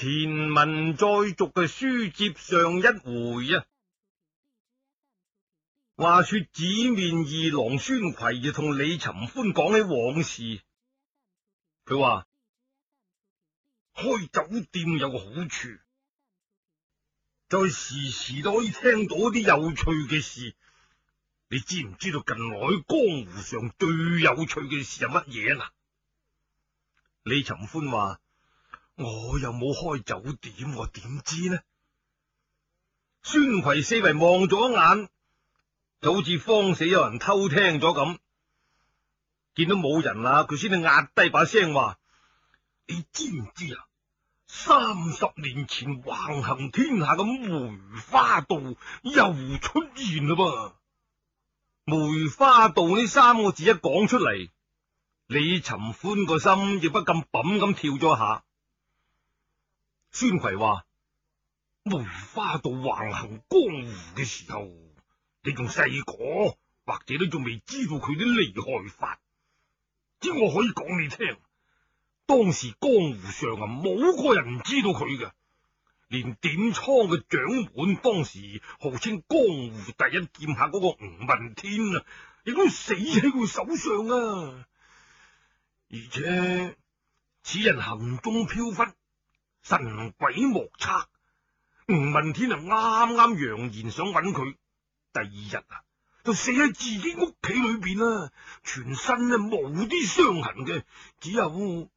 前文再續嘅書接上一回啊，話說紫面二郎孫奎就同李尋歡講起往事，佢話開酒店有個好處，就係時時都可以聽到一啲有趣嘅事。你知唔知道近來江湖上最有趣嘅事係乜嘢啊？李尋歡話。我又冇開酒店，啊，我點知呢？孫奎四圍望咗一眼，就好似慌死有人偷聽咗咁。見到冇人啦、啊，佢先至壓低把聲話：你知唔知啊？三十年前橫行天下嘅梅花道又出現啦噃！梅花道呢三個字一講出嚟，李尋歡個心亦不禁砰咁跳咗一下。孫奎話：梅花盜橫行江湖嘅時候，你仲細個，或者都仲未知道佢啲厲害法。只我可以講你聽，當時江湖上啊，冇個人唔知道佢嘅，連點蒼嘅掌門當時號稱江湖第一劍客嗰個吳文天啊，亦都死喺佢手上啊。而且此人行蹤飄忽。神鬼莫測，吳文天啊，啱啱揚言想揾佢，第二日啊就死喺自己屋企裏邊啦，全身啊冇啲傷痕嘅。只有講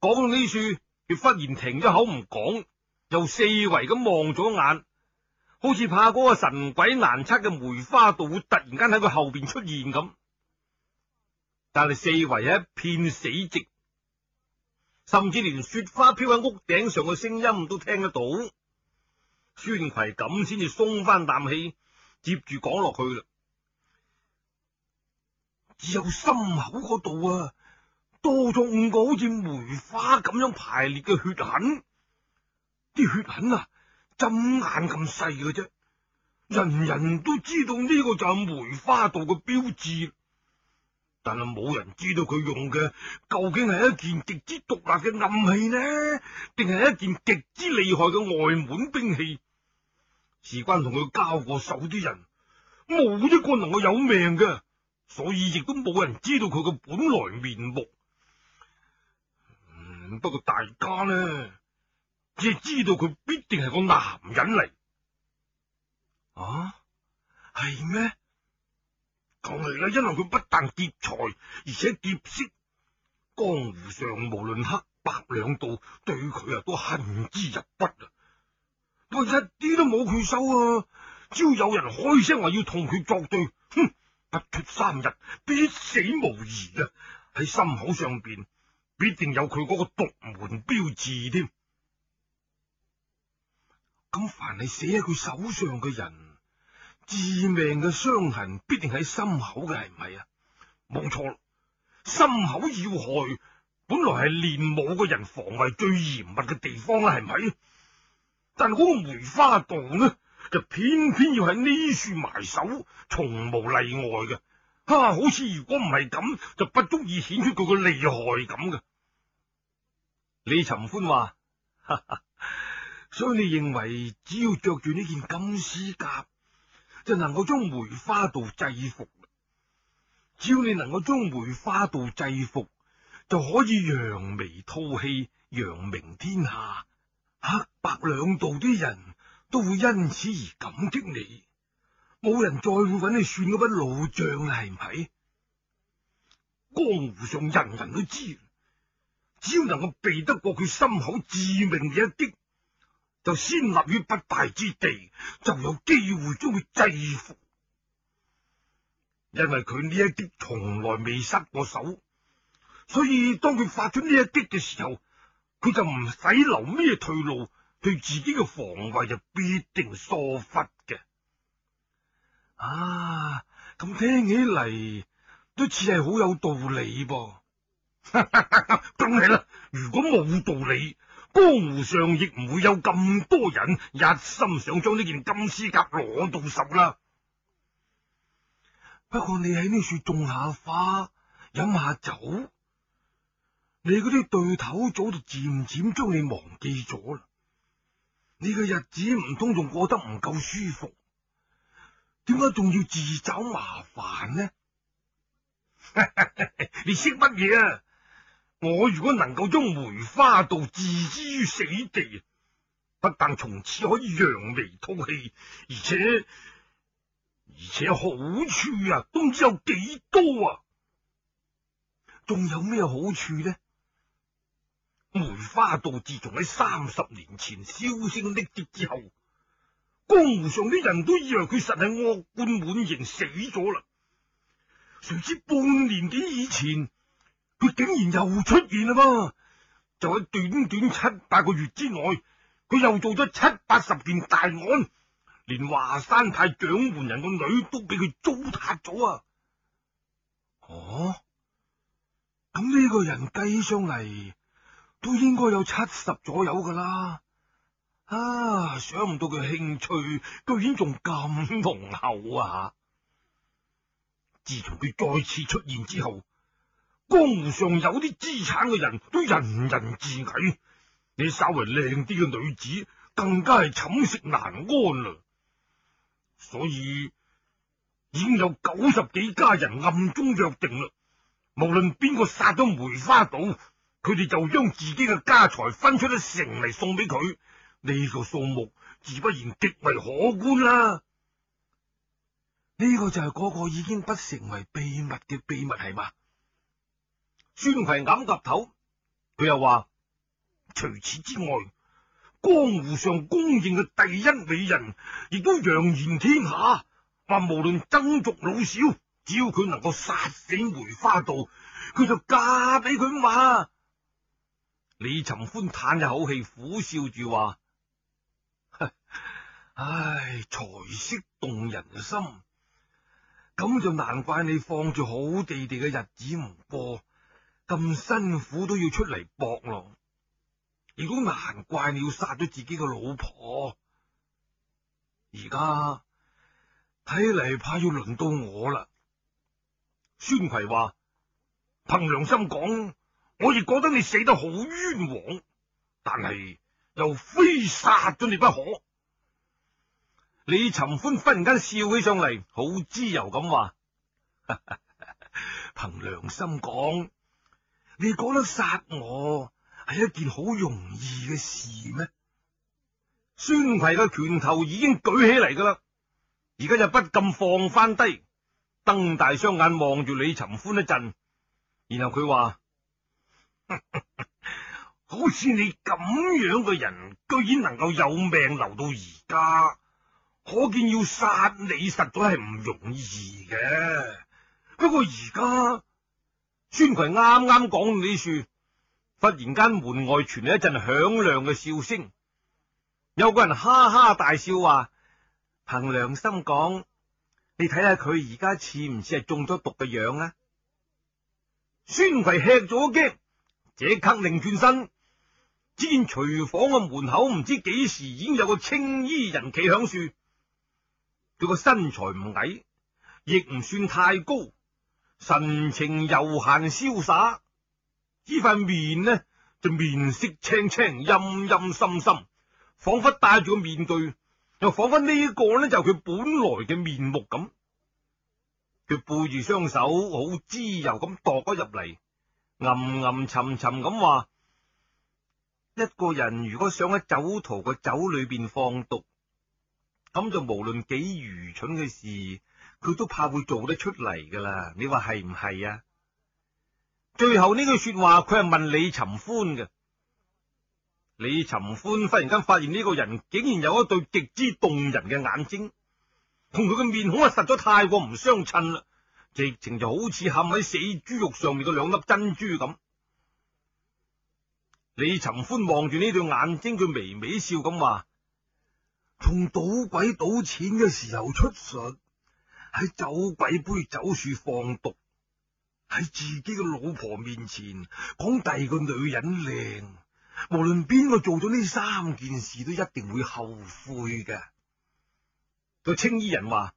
到呢處，佢忽然停咗口唔講，又四圍咁望咗眼，好似怕個神鬼難測嘅梅花道會突然間喺佢後邊出現咁，但係四圍一片死寂。甚至連雪花飄喺屋頂上嘅聲音都聽得到，孫葵咁先至鬆翻啖氣，接住講落去啦。只有心口嗰度啊，多咗五個好似梅花咁樣排列嘅血痕，啲血痕啊，針眼咁細㗎啫，人人都知道呢個就係梅花盜嘅標誌。但係冇人知道佢用嘅究竟係一件極之獨立嘅暗器呢，定係一件極之厲害嘅外門兵器？事關同佢交過手啲人，冇一個能夠有命嘅，所以亦都冇人知道佢嘅本來面目。嗯，不過大家呢，只係知道佢必定係個男人嚟。啊，係咩？嚟啦！因為佢不但劫財，而且劫色。江湖上無論黑白兩道，對佢啊都恨之入骨啊！我一啲都冇佢收啊！只要有人開聲話要同佢作對，哼，不出三日，必死無疑啊！喺心口上邊，必定有佢個獨門標誌添。咁，凡係寫喺佢手上嘅人。致命嘅傷痕必定喺心口嘅，係唔係啊？冇錯，心口要害，本來係練武嘅人防衛最嚴密嘅地方啦，係咪？但係嗰個梅花盜呢，就偏偏要喺呢處埋手，從無例外嘅。哈、啊，好似如果唔係咁，就不足以顯出佢個厲害咁嘅。李尋歡話：哈哈，所以你認為，只要着住呢件金絲甲。」就能夠將梅花道制服。只要你能夠將梅花道制服，就可以揚眉吐氣，揚名天下。黑白兩道啲人都會因此而感激你，冇人再會搵你算嗰筆老賬啦，係唔係？江湖上人人都知人，只要能夠避得過佢心口致命嘅一擊。就先立於不敗之地，就有機會將佢制服。因為佢呢一擊從來未失過手，所以當佢發出呢一擊嘅時候，佢就唔使留咩退路，對自己嘅防衛就必定疏忽嘅。啊，咁聽起嚟都似係好有道理噃。梗係啦，如果冇道理，江湖上亦唔會有咁多人，一心想將呢件金絲甲攞到手啦。不過你喺呢處種下花，飲下酒，你嗰啲對頭早就漸漸將你忘記咗啦。你嘅日子唔通仲過得唔夠舒服？點解仲要自找麻煩呢？ 你識乜嘢啊？我如果能夠將梅花盜置之於死地，不但從此可以揚眉吐氣，而且而且好處啊，都唔知有幾多啊！仲有咩好處呢？梅花盜自從喺三十年前銷聲匿跡之後，江湖上啲人都以為佢實係惡貫滿盈死咗啦，誰知半年幾以前，佢竟然又出現啦嘛！就喺短短七八個月之內，佢又做咗七八十件大案，連華山派掌門人個女都俾佢糟蹋咗啊！哦，咁呢個人計上嚟都應該有七十左右㗎啦。啊，想唔到佢興趣居然仲咁濃厚啊！自從佢再次出現之後。江湖上有啲資產嘅人都人人自危，你稍微靚啲嘅女子更加係寢食難安啦。所以已經有九十幾家人暗中約定啦，無論邊個殺咗梅花島，佢哋就將自己嘅家財分出一成嚟送俾佢。呢、這個數目自不然極為可觀啦。呢、嗯、個就係嗰個已經不成為秘密嘅秘密係嘛？孫奎揞岌頭，佢又話：除此之外，江湖上公認嘅第一美人，亦都揚言天下，話無論僧俗老少，只要佢能夠殺死梅花道，佢就嫁俾佢嘛。李尋歡嘆一口氣，苦笑住話：唉，財色動人心，咁就難怪你放住好地地嘅日子唔過。咁辛苦都要出嚟搏咯！如果難怪你要殺咗自己嘅老婆，而家睇嚟怕要輪到我啦。孫葵話：憑良心講，我亦覺得你死得好冤枉，但係又非殺咗你不可。李尋歡忽然間笑起上嚟，好自由咁話：憑 良心講。你覺得殺我係一件好容易嘅事咩？孫奎嘅拳頭已經舉起嚟噶啦，而家就不禁放翻低，瞪大雙眼望住李尋歡一陣，然後佢話： 好似你咁樣嘅人，居然能夠有命留到而家，可見要殺你實在係唔容易嘅。不過而家。孫奎啱啱講到呢樹，忽然間門外傳嚟一陣響亮嘅笑聲，有個人哈哈大笑話：憑良心講，你睇下佢而家似唔似係中咗毒嘅樣啊？孫奎吃咗一驚，即刻擰轉身，只見廚房嘅門口唔知幾時已經有個青衣人企響樹，佢個身材唔矮，亦唔算太高。神情悠閒瀟灑，呢塊面呢就面色青青陰陰森森，仿佛戴住個面具，又仿佛呢個呢就佢、是、本來嘅面目咁。佢背住雙手，好滋油咁踱咗入嚟，暗暗沉沉咁話：一個人如果想喺酒徒嘅酒裏邊放毒，咁就無論幾愚蠢嘅事。佢都怕會做得出嚟噶啦，你話係唔係啊？最後呢句說話，佢係問李尋歡嘅。李尋歡忽然間發現呢個人竟然有一對極之動人嘅眼睛，同佢嘅面孔啊，實在太過唔相襯啦，直情就好似嵌喺死豬肉上面嘅兩粒珍珠咁。李尋歡望住呢對眼睛，佢微微笑咁話：從賭鬼賭錢嘅時候出神。喺酒鬼杯酒處放毒，喺自己嘅老婆面前講第二個女人靚，無論邊個做咗呢三件事，都一定會後悔嘅。個青衣人話，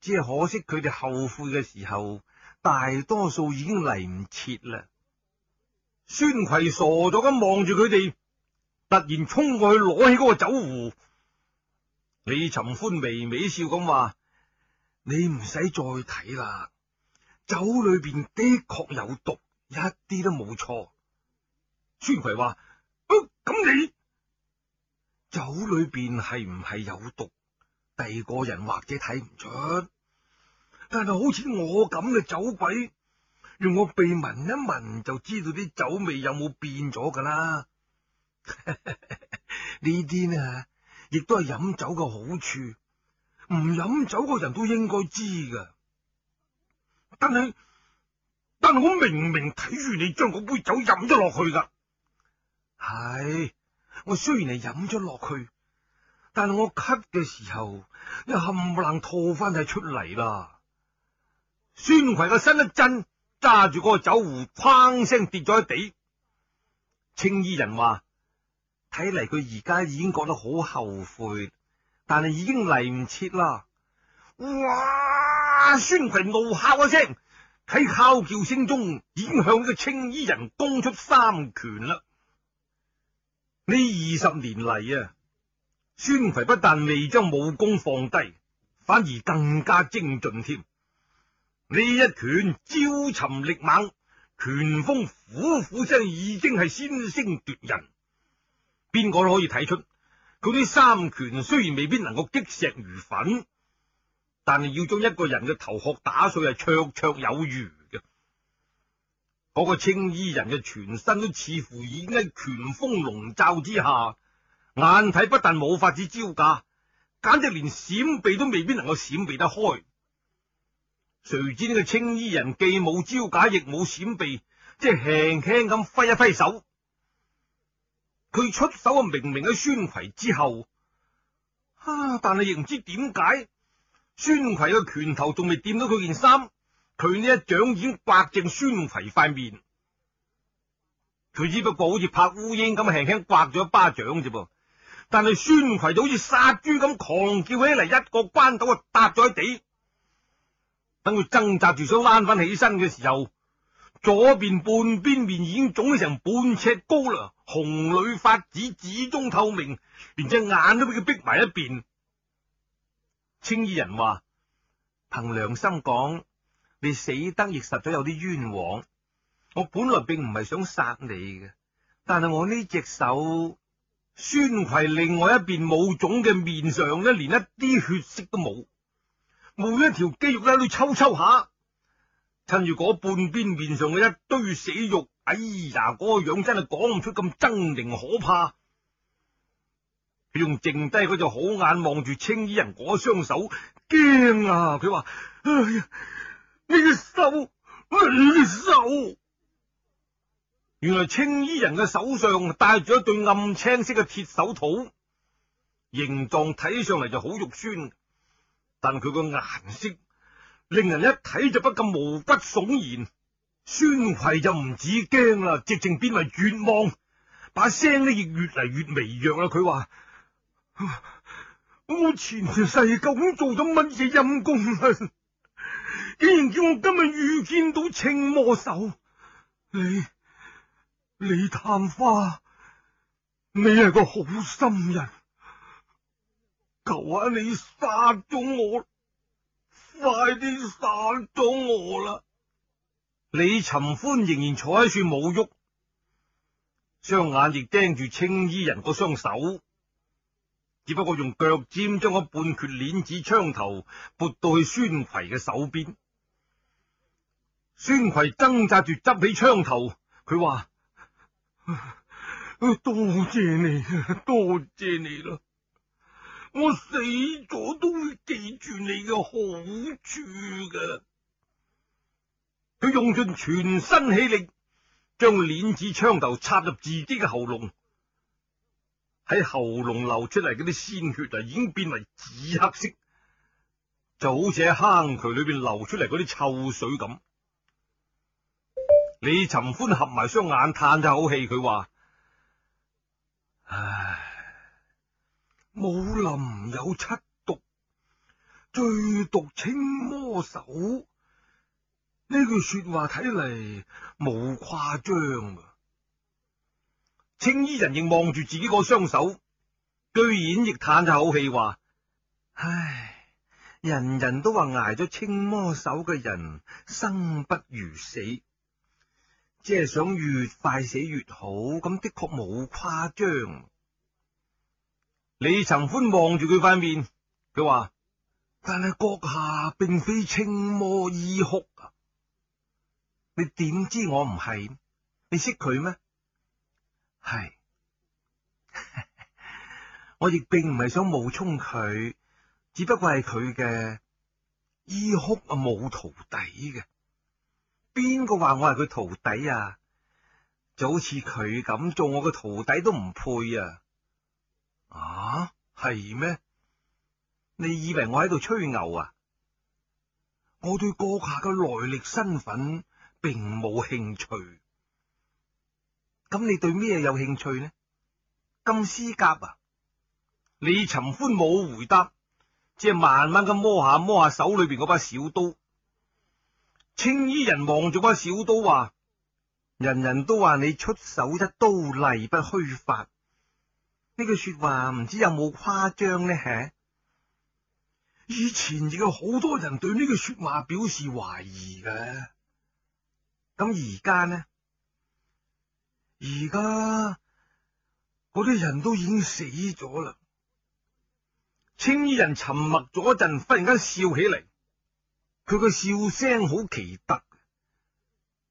只係可惜佢哋後悔嘅時候，大多數已經嚟唔切啦。孫奎傻咗咁望住佢哋，突然衝過去攞起嗰個酒壺。李尋歡微微笑咁話。你唔使再睇啦，酒裏邊的確有毒，一啲都冇錯。孫葵話：咁、呃、你酒裏邊係唔係有毒？第個人或者睇唔出，但係好似我咁嘅酒鬼，用我鼻聞一聞，就知道啲酒味有冇變咗噶啦。呢 啲呢，亦都係飲酒嘅好處。唔飲酒個人都應該知噶，但係但係我明明睇住你將嗰杯酒飲咗落去噶，係、哎、我雖然係飲咗落去，但係我咳嘅時候，你冚唪唥吐翻晒出嚟啦。孫奎個身一震，揸住嗰個酒壺，砰聲跌咗喺地。青衣人話：睇嚟佢而家已經覺得好後悔。但係已經嚟唔切啦！哇！孫奎怒哮一聲，喺哮叫聲中已經向呢個青衣人攻出三拳啦。呢二十年嚟啊，孫奎不但未將武功放低，反而更加精進添。呢一拳招沉力猛，拳風虎虎聲，已經係先聲奪人，邊個都可以睇出。嗰啲三拳雖然未必能夠擊石如粉，但係要將一個人嘅頭殼打碎係綽綽有餘嘅。嗰個青衣人嘅全身都似乎已經喺拳風籠罩之下，眼睇不但冇法子招架，簡直連閃避都未必能夠閃避得開。誰知呢個青衣人既冇招架，亦冇閃避，即係輕輕咁揮一揮手。佢出手啊，明明喺孫葵之後，啊！但係亦唔知點解，孫葵嘅拳頭仲未掂到佢件衫，佢呢一掌已經刮正孫葵塊面。佢只不過好似拍烏蠅咁輕輕刮咗一巴掌啫噃，但係孫葵就好似殺豬咁狂叫起嚟，一個關斗啊，嗒咗喺地。等佢掙扎住想翻翻起身嘅時候，左邊半邊面已經腫起成半尺高啦。紅裏發紫，紫中透明，連隻眼都俾佢逼埋一邊。青衣人話：憑良心講，你死得亦實在有啲冤枉。我本來並唔係想殺你嘅，但係我呢隻手，孫葵另外一邊冇腫嘅面上咧，連一啲血色都冇，每一條肌肉咧都抽抽下，趁住半邊面上嘅一堆死肉。哎呀，嗰、那個樣真係講唔出咁猙獰可怕。佢用剩低嗰隻好眼望住青衣人嗰雙手，驚啊！佢話、哎呀：你嘅手，哎、你嘅手。原來青衣人嘅手上戴住一對暗青色嘅鐵手套，形狀睇上嚟就好肉酸，但佢嘅顏色令人一睇就不禁毛骨悚然。孫葵就唔止驚啦，直情變為絕望，把聲呢亦越嚟越微弱啦。佢話，啊：我前世究竟做咗乜嘢陰功啦？竟然叫我今日遇見到青魔手，你你探花，你係個好心人，求下你殺咗我，快啲殺咗我啦！李尋歡仍然坐喺處冇喐，雙眼亦盯住青衣人個雙手，只不過用腳尖將嗰半缺鏈子槍頭撥到去孫葵嘅手邊。孫葵掙扎住執起槍頭，佢話： 多謝你，多謝你啦，我死咗都會記住你嘅好處噶。佢用盡全身氣力，將鏈子槍頭插入自己嘅喉嚨，喺喉嚨流出嚟嗰啲鮮血就已經變為紫黑色，就好似喺坑渠裏邊流出嚟嗰啲臭水咁。 李尋歡合埋雙眼，嘆咗口氣，佢話：唉，武林有七毒，最毒青魔手。呢句說話睇嚟冇誇張啊。青衣人仍望住自己個雙手，居然亦嘆咗口氣話：唉，人人都話挨咗青魔手嘅人生不如死，只係想越快死越好，咁的確冇誇張。李尋歡望住佢塊面，佢話：但係閣下並非青魔伊哭啊！你點知我唔係？你識佢咩？係， 我亦並唔係想冒充佢，只不過係佢嘅衣哭啊冇徒弟嘅，邊個話我係佢徒弟啊？就好似佢咁做我嘅徒弟都唔配啊！啊，係咩？你以為我喺度吹牛啊？我對閣下嘅來歷、身份並冇興趣，咁你對咩有興趣呢？金絲甲啊！李尋歡冇回答，只係慢慢咁摸下摸下手裏邊嗰把小刀。青衣人望住把小刀話：人人都話你出手一刀，例不虛發。呢句說話唔知有冇誇張呢？吓，以前亦有好多人對呢句說話表示懷疑嘅。咁而家呢？而家啲人都已經死咗啦。青衣人沉默咗一陣，忽然間笑起嚟。佢嘅笑聲好奇特，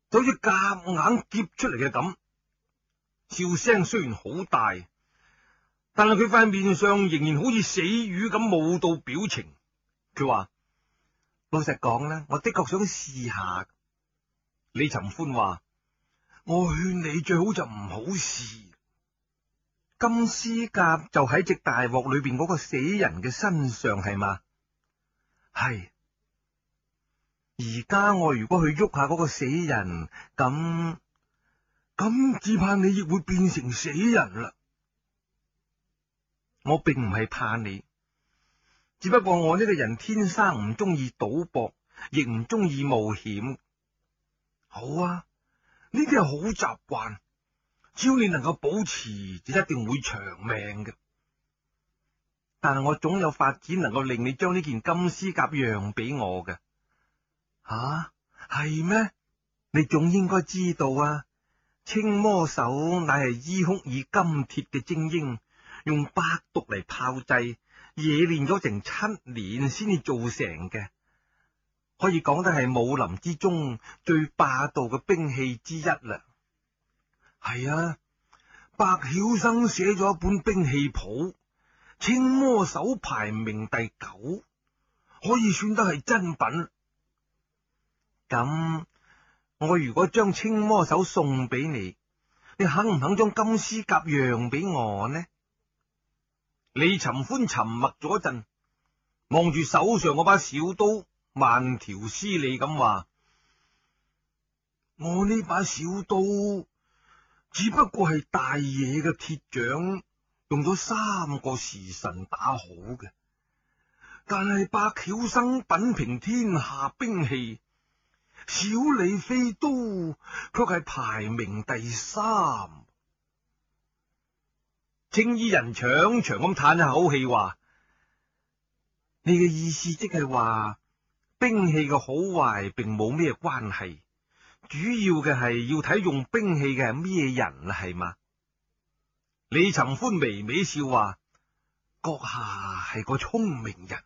就好似夾硬夾出嚟嘅咁。笑聲雖然好大，但係佢塊面上仍然好似死魚咁冇到表情。佢話：老實講呢，我的確想試下。李尋歡話：我勸你最好就唔好試。金絲甲就喺隻大鑊裏邊嗰個死人嘅身上係嘛？係。而家我如果去喐下嗰個死人，咁咁只怕你亦會變成死人啦。我並唔係怕你，只不過我呢個人天生唔中意賭博，亦唔中意冒險。好啊，呢啲係好習慣，只要你能夠保持，就一定會長命嘅。但係我總有發展能夠令你將呢件金絲甲讓俾我嘅。吓、啊，係咩？你總應該知道啊，青魔手乃係醫庫以金鐵嘅精英，用百毒嚟炮製，冶煉咗成七年先至做成嘅。可以講得係武林之中最霸道嘅兵器之一啦。係啊，白曉生寫咗一本兵器譜，青魔手排名第九，可以算得係真品。咁我如果將青魔手送俾你，你肯唔肯將金絲甲讓俾我呢？李尋歡沉默咗一陣，望住手上嗰把小刀。慢條斯理咁話：我呢把小刀只不過係大爺嘅鐵掌用咗三個時辰打好嘅，但係百曉生品評天下兵器，小李飛刀卻係排名第三。青衣人長長咁嘆一口氣話：你嘅意思即係話。兵器嘅好壞並冇咩關係，主要嘅係要睇，用兵器嘅係咩人，係嘛？李尋歡微微笑話：閣下係個聰明人，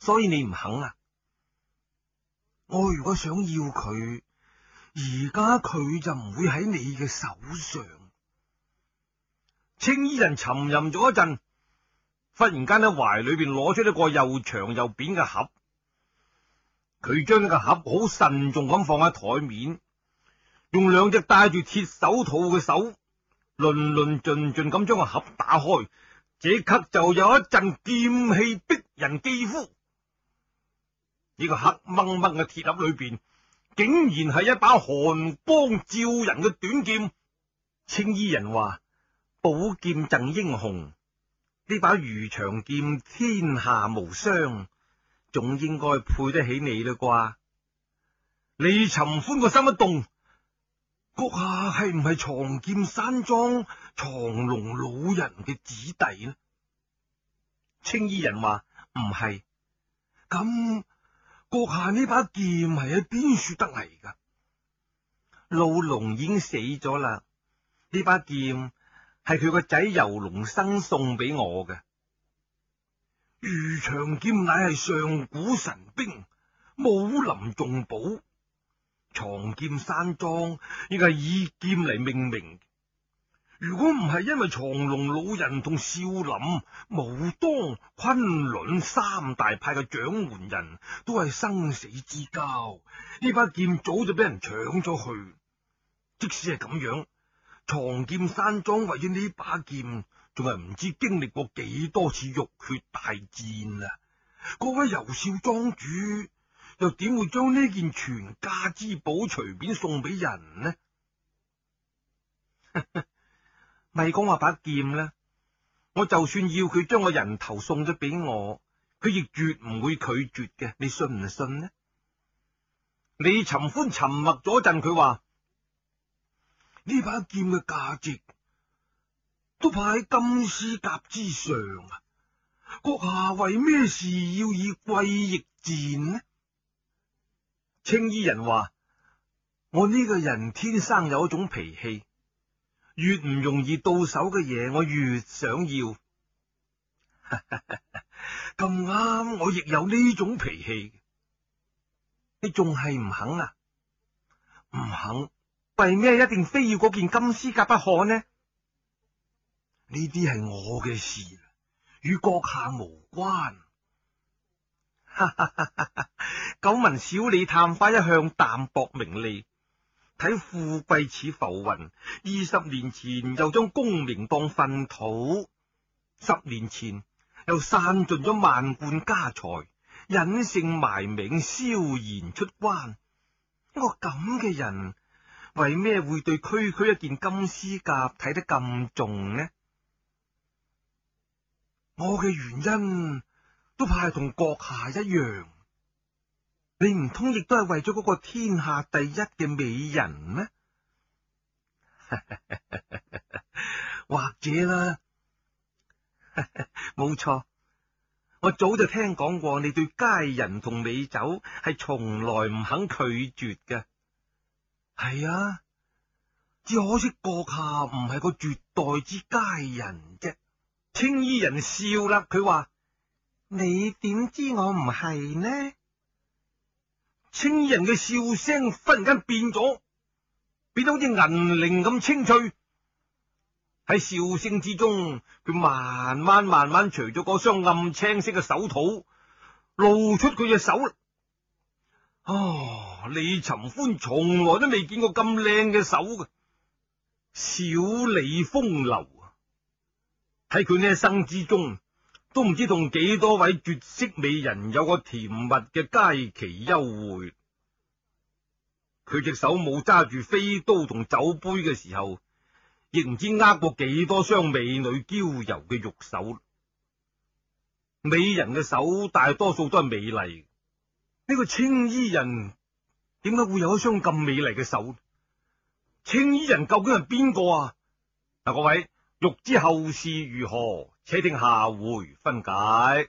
所以你唔肯啊？我如果想要佢，而家佢就唔會喺你嘅手上。青衣人沉吟咗一陣。忽然間喺懷裏邊攞出一個又長又扁嘅盒，佢將呢個盒好慎重咁放喺台面，用兩隻戴住鐵手套嘅手，輪輪盡盡咁將個盒打開，即刻就有一陣劍氣逼人肌膚。呢個黑掹掹嘅鐵盒裏邊，竟然係一把寒光照人嘅短劍。青衣人話：寶劍贈英雄。呢把余長劍天下無雙，總應該配得起你啦啩？李尋歡個心一動，閣下係唔係藏劍山莊藏龍老人嘅子弟呢？青衣人話唔係，咁閣下呢把劍係喺邊處得嚟噶？老龍已經死咗啦，呢把劍。係佢個仔游龍生送俾我嘅，余長劍乃係上古神兵，武林重寶。藏劍山莊亦係以劍嚟命名。如果唔係因為藏龍老人同少林、武當、昆崙三大派嘅掌門人都係生死之交，呢把劍早就俾人搶咗去。即使係咁樣。藏劍山莊為咗呢把劍，仲係唔知經歷過幾多次浴血大戰啦，啊！各位游少莊主又點會將呢件傳家之寶隨便送俾人呢？咪 講我把劍啦！我就算要佢將我人頭送咗俾我，佢亦絕唔會拒絕嘅。你信唔信呢？李尋歡沉默咗一陣，佢話。呢把劍嘅價值都排喺金絲甲之上啊！閣下為咩事要以貴易賤呢？青衣人話：我呢個人天生有一種脾氣，越唔容易到手嘅嘢，我越想要。咁啱，我亦有呢種脾氣。你仲係唔肯啊？唔肯。為咩一定非要嗰件金絲甲不可呢？呢啲係我嘅事，與閣下無關。哈哈哈！哈，久聞小李探花一向淡薄名利，睇富貴似浮雲。二十年前又將功名當糞土，十年前又散盡咗萬貫家財，隱姓埋名，蕭然出關。我咁嘅人。為咩會對區區一件金絲甲睇得咁重呢？我嘅原因都怕係同閣下一樣，你唔通，亦都係為咗嗰個天下第一嘅美人咩？ 或者啦，冇 錯，我早就聽講過你對佳人同美酒係從來唔肯拒絕嘅。係啊，只可惜閣下唔係個絕代之佳人啫。青衣人笑啦，佢話：你點知我唔係呢？青衣人嘅笑聲忽然間變咗，變得好似銀鈴咁清脆。喺笑聲之中，佢慢慢慢慢除咗嗰雙暗青色嘅手套，露出佢隻手啦。哦。李尋歡從來都未見過咁靚嘅手嘅，小李風流啊！喺佢呢一生之中，都唔知同幾多位絕色美人有個甜蜜嘅佳期幽會。佢隻手冇揸住飛刀同酒杯嘅時候，亦唔知握過幾多雙美女嬌柔嘅玉手。美人嘅手，大多數都係美麗。呢個青衣人，點解會有一雙咁美麗嘅手？青衣人究竟係邊個啊？嗱，各位欲知後事如何，且聽下回分解。